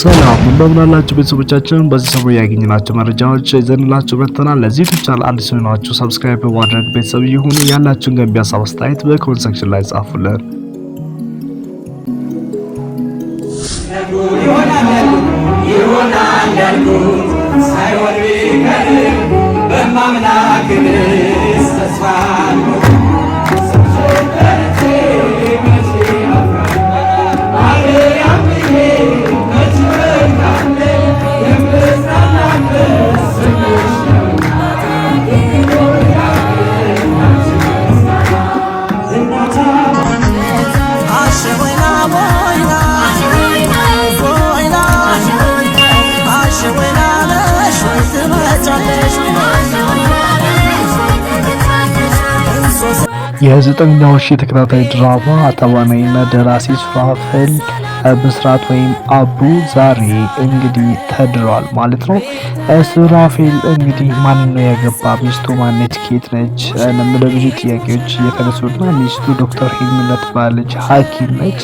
ሰላም እንደምናላችሁ ቤተሰቦቻችን፣ በዚህ ሰሞን ያገኘናቸው መረጃዎች ይዘንላችሁ መጥተናል። ለዚህ ቻናል አዲስ የሆናችሁ ሰብስክራይብ በማድረግ ቤተሰብ ይሁን። ያላችሁን ገንቢ ሀሳብ አስተያየት በኮሜንት ሴክሽን ላይ ጻፉልን። ይሆናል ያልኩት ሳይሆን ቢቀር በማምላክ የዘጠነኛው ሺህ ተከታታይ ድራማ ተዋናይና ደራሲ ሱራፌል ብስራት ወይም አቡ ዛሬ እንግዲህ ተድሯል ማለት ነው። ሱራፌል እንግዲህ ማን ነው ያገባ፣ ሚስቱ ማነች፣ ኬት ነች ለሚለው ብዙ ጥያቄዎች እየተነሱና ሚስቱ ዶክተር ሄርሜላ ባለች ሐኪም ነች።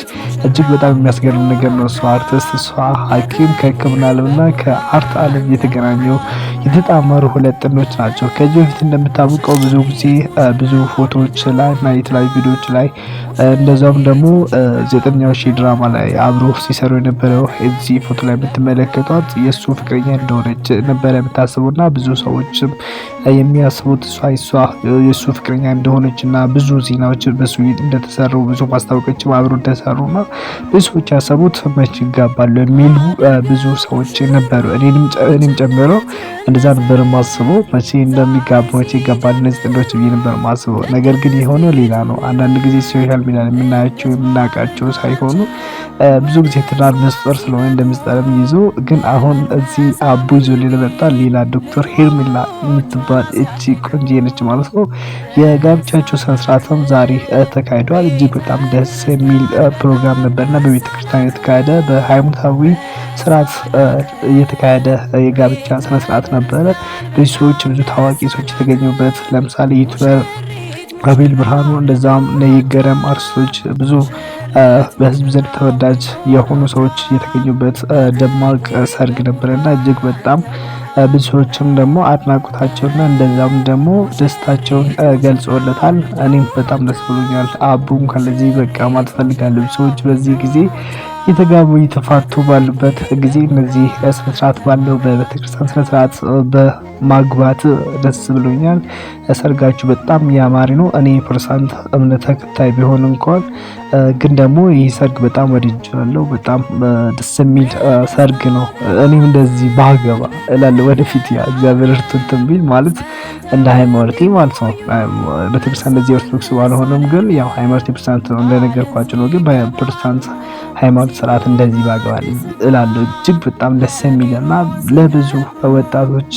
እጅግ በጣም የሚያስገርም ነገር ነው። እሷ አርቲስት፣ እሷ ሐኪም ከሕክምና ዓለምና ከአርት ዓለም የተገናኘው የተጣመሩ ሁለት ጥንዶች ናቸው። ከዚህ በፊት እንደምታውቀው ብዙ ጊዜ ብዙ ፎቶዎች ላይ እና የተለያዩ ቪዲዮዎች ላይ እንደዛውም ደግሞ ዘጠኛው ሺህ ድራማ ላይ አብሮ ሲሰሩ የነበረው እዚህ ፎቶ ላይ የምትመለከቷት የእሱ ፍቅረኛ እንደሆነች ነበረ የምታስበው እና ብዙ ሰዎችም የሚያስቡት እሷ እሷ የእሱ ፍቅረኛ እንደሆነች እና ብዙ ዜናዎች በሱ እንደተሰሩ ብዙ ማስታወቂያዎችም አብሮ እንደሰሩ እና ብዙ ሰዎች ያሰቡት መች ይጋባሉ የሚሉ ብዙ ሰዎች ነበሩ እኔም ጨምሮ እንደዛ ነበር ማስበው። መቼ እንደሚጋቡ መቼ ይጋባል እነዚህ ጥንዶች ብዬ ነበር ማስበው። ነገር ግን የሆነው ሌላ ነው። አንዳንድ ጊዜ ሶሻል ሚዲያ የምናያቸው የምናውቃቸው ሳይሆኑ ብዙ ጊዜ ትዳር ምስጢር ስለሆነ እንደምስጠርም ምስጢርም ይዞ ግን አሁን እዚህ አቡ ይዞ ሊመጣ ሌላ ዶክተር ሄርሚላ የምትባል እቺ ቆንጆ ነች ማለት ነው። የጋብቻቸው ስነስርዓትም ዛሬ ተካሂዷል። እጅግ በጣም ደስ የሚል ፕሮግራም ነበርና በቤተክርስቲያን የተካሄደ በሃይማኖታዊ ስርዓት የተካሄደ የጋብቻ ስነስርዓት ነበር። ነበረ። ብዙ ሰዎች ብዙ ታዋቂ ሰዎች የተገኙበት ለምሳሌ ዩቱበር አቤል ብርሃኑ እንደዛም ነይገረም አርቲስቶች ብዙ በህዝብ ዘንድ ተወዳጅ የሆኑ ሰዎች የተገኙበት ደማቅ ሰርግ ነበረና እጅግ በጣም ብዙ ሰዎችም ደግሞ አድናቆታቸውና እንደዛም ደግሞ ደስታቸውን ገልጸውለታል። እኔም በጣም ደስ ብሎኛል። አቡም ከለዚህ በቃ ማለት ፈልጋለሁ። ሰዎች በዚህ ጊዜ የተጋቡ የተፋቱ ባሉበት ጊዜ እነዚህ ስነስርዓት ባለው በቤተክርስቲያን ስነስርዓት በማግባት ደስ ብሎኛል። ሰርጋችሁ በጣም ያማሪ ነው። እኔ ፕሮቴስታንት እምነት ተከታይ ቢሆን እንኳን ግን ደግሞ ይህ ሰርግ በጣም ወድጃለሁ። በጣም ደስ የሚል ሰርግ ነው። እኔም እንደዚህ ባገባ እላለሁ ወደፊት ያ እግዚአብሔር እርቱን ቢል ማለት እንደ ሃይማኖቴ ማለት ነው። ቤተክርስቲያን እንደዚህ ኦርቶዶክስ ባልሆነም ግን ያው ሃይማኖቴ ፕሮቴስታንት እንደነገርኳቸው ነው። ግን በፕሮቴስታንት ሃይማኖት ስርዓት እንደዚህ ባገባል እላለሁ። እጅግ በጣም ደስ የሚልና ለብዙ ወጣቶች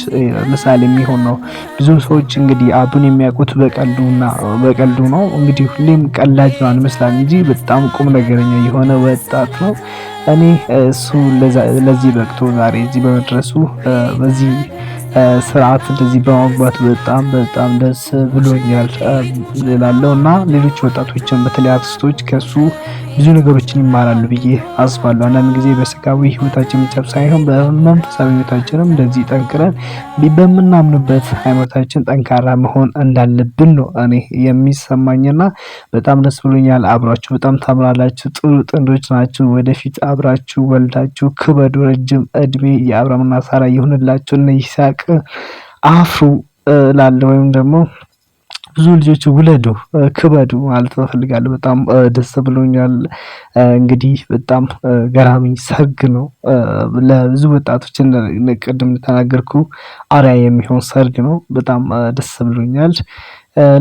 ምሳሌ የሚሆን ነው። ብዙ ሰዎች እንግዲህ አቡን የሚያውቁት በቀልዱና በቀልዱ ነው። እንግዲህ ሁሌም ቀላጅ ነው አንመስላል እንጂ በጣም ቁም ነገረኛ የሆነ ወጣት ነው። እኔ እሱ ለዚህ በቅቶ ዛሬ እዚህ በመድረሱ በዚህ ስርዓት እንደዚህ በማግባት በጣም በጣም ደስ ብሎኛል እላለሁ እና ሌሎች ወጣቶችን በተለይ አርቲስቶች ከሱ ብዙ ነገሮችን ይማራሉ ብዬ አስባለሁ። አንዳንድ ጊዜ በስጋዊ ህይወታችን ብቻ ሳይሆን በመንፈሳዊ ህይወታችንም እንደዚህ ጠንክረን በምናምንበት ሃይማኖታችን ጠንካራ መሆን እንዳለብን ነው እኔ የሚሰማኝና በጣም ደስ ብሎኛል። አብራችሁ በጣም ታምራላችሁ። ጥሩ ጥንዶች ናችሁ። ወደፊት አብራችሁ ወልዳችሁ ክበዱ። ረጅም እድሜ የአብርሃምና ሳራ ይሁንላችሁ። እነ ይስሐቅ አፍሩ ላለ ወይም ደግሞ ብዙ ልጆች ውለዱ፣ ክበዱ ማለት እፈልጋለሁ። በጣም ደስ ብሎኛል። እንግዲህ በጣም ገራሚ ሰርግ ነው። ለብዙ ወጣቶች ቅድም እንደተናገርኩ አርያ የሚሆን ሰርግ ነው። በጣም ደስ ብሎኛል።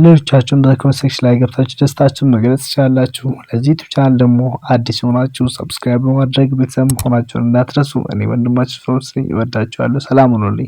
ሌሎቻችሁን በኮሜንት ሴክሽን ላይ ገብታችሁ ደስታችሁን መግለጽ ትችላላችሁ። ለዚህ ዩቱብ ቻናል ደግሞ አዲስ የሆናችሁ ሰብስክራይብ በማድረግ ቤተሰብ መሆናችሁን እንዳትረሱ። እኔ ወንድማችሁ ሰዎች ይወዳችኋለሁ። ሰላም ሆኖልኝ